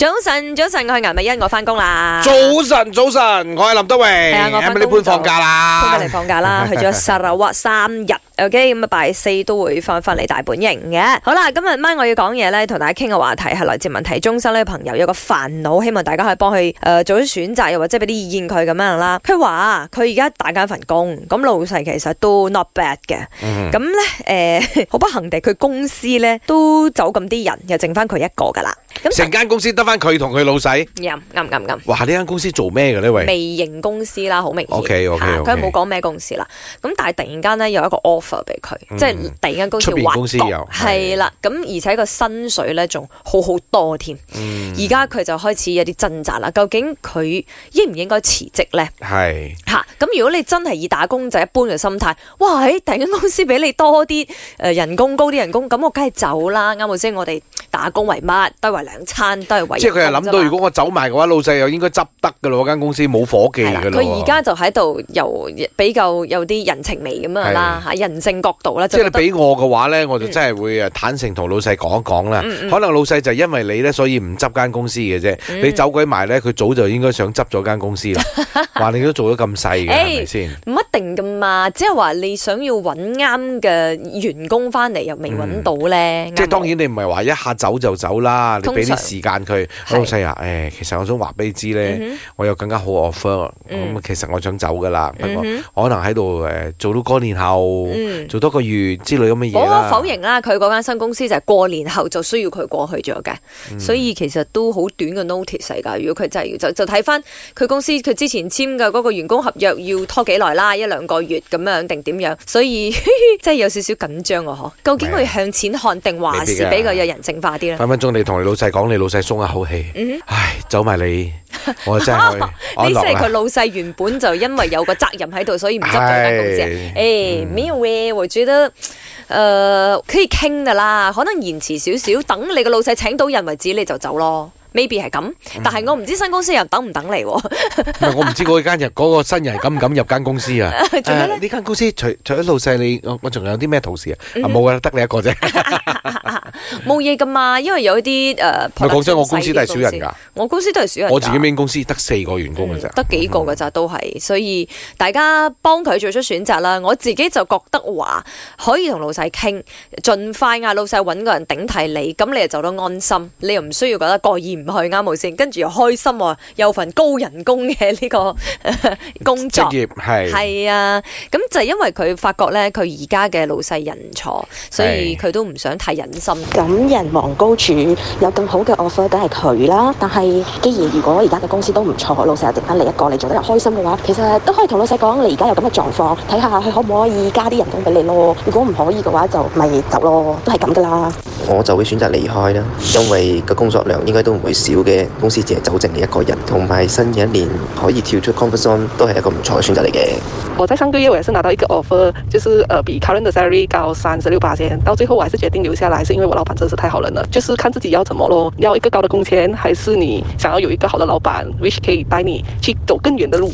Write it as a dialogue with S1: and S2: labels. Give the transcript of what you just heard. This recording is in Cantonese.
S1: 早晨，早晨，我係銀米欣，我翻工啦。
S2: 早晨，早晨，我係林德榮，係啊，我今日呢邊放假啦。
S1: 今日嚟放假啦， 去咗塞拉瓦三日。O.K. 咁啊，拜四都會翻返嚟大本營嘅。好啦，今日晚我要講嘢咧，同大家傾嘅話題係來自問題中心咧，朋友有個煩惱，希望大家可以幫佢誒、呃、做啲選擇，又或者俾啲意見佢咁樣啦。佢話佢而家打緊份工，咁老細其實都 not bad 嘅。咁咧誒，好、欸、不幸地，佢公司咧都走咁啲人，又剩翻佢一個噶啦。咁成間公
S2: 司得翻佢同佢老細。
S1: 啱唔啱？啱。哇！
S2: 呢間公司做咩嘅呢？位
S1: 微型公司啦，好明顯。O.K. O.K. 佢冇講咩公司啦。咁但係突然間咧有一個 off 俾佢、嗯，即係第間公司，出邊公司有係啦，咁而且個薪水咧仲好好多添。而家佢就開始有啲掙扎啦。究竟佢應唔應該辭職咧？係吓，咁、啊、如果你真係以打工仔一般嘅心態，哇！喺第間公司俾你多啲誒、呃，人工高啲，人工，咁我梗係走啦。啱好先我哋打工為乜？都係為兩餐，都係為。即係佢又諗到，如果
S2: 我走埋嘅話，老細又應該執得噶啦。嗰間公司冇夥計，佢而家
S1: 就喺度又比較有啲人情味咁樣啦吓、啊、人性角度咧，即係你俾
S2: 我嘅話咧、嗯，我就真係會誒坦誠同老細講一講啦、嗯嗯。可能老細就係因為你咧，所以唔執間公司嘅啫、嗯。你走鬼埋咧，佢早就應該想執咗間公司啦。話 你都做咗咁細嘅係咪先？
S1: 唔、欸、一定噶嘛，即係話你想要搵啱嘅員工翻嚟，又未搵到咧、嗯。即係
S2: 當然你唔係話一下走就走啦，你俾啲時間佢。老細啊，誒、哎，其實我想話俾你知咧、嗯，我有更加好 offer、嗯。咁其實我想走噶啦、嗯，不過可能喺度誒做到過年後。嗯嗯、做多個月之類咁嘅嘢，我否
S1: 認啦。佢嗰間新公司就係過年後就需要佢過去咗嘅、嗯，所以其實都好短嘅 notice 嚟嘅。如果佢真係要就就睇翻佢公司佢之前簽嘅嗰個員工合約要拖幾耐啦，一兩個月咁樣定點樣，所以 真係有少少緊張啊的！究竟佢向錢看定還是比較有人性化啲呢？分
S2: 分鐘你同你老細講，你老細鬆一口氣、嗯。唉，走埋你。我真係、啊，呢即係佢
S1: 老細原本就因為有個責任喺度，所以唔執佢間公司。誒，咩話？我覺得誒、呃、可以傾噶啦，可能延遲少少，等你個老細請到人為止，你就走咯。Maybe 係咁、嗯，但係我唔知新公司又等唔等你、啊
S2: 嗯。唔我唔知嗰間日嗰個新人係敢唔敢入間公司啊？呢間、啊、公司除除咗老細，你我仲有啲咩同事啊？冇、嗯、啊，得你一個啫，
S1: 冇嘢噶嘛。因為有一啲誒，唔講真，我公司都係少人噶。我公司都係少人。我自己
S2: 間公司得四個員工噶咋，得、嗯、
S1: 幾個噶咋，都、嗯、係。所以大家幫佢做出選擇啦。我自己就覺得話可以同老細傾，盡快啊老細搵個人頂替你，咁你就做到安心，你又唔需要覺得過意。唔去啱冇先，跟住又開心有份高人工嘅呢個工作，職業係係啊。咁就因為佢發覺咧，佢而家嘅老細人唔錯，所以佢都唔想太忍心。咁人望高處，有咁好嘅 offer 梗係佢啦。但係，既然如果而家嘅公司都唔錯，老細又剩翻你一個，你做得又開心嘅話，其實都可以同老細講，你而家有咁嘅狀況，睇下佢可唔可以加啲人工俾你咯。如果唔可以嘅話，就咪走咯，都係咁噶啦。我就會選擇離開啦，因為個工作量應該都唔會。最少嘅公司只係走剩嘅一個人，同埋新嘅一年可以跳出 comfort zone 都係一個唔錯嘅選擇嚟嘅。我喺上個月我係先拿到一個 offer，就是誒比 current salary 高三十六八千，到最後我還是決定留下來，是因為我老闆真是太好人了。就是看自己要怎麼咯，要一個高的工錢，還是你想要有一個好的老闆，which 可以帶你去走更遠的路。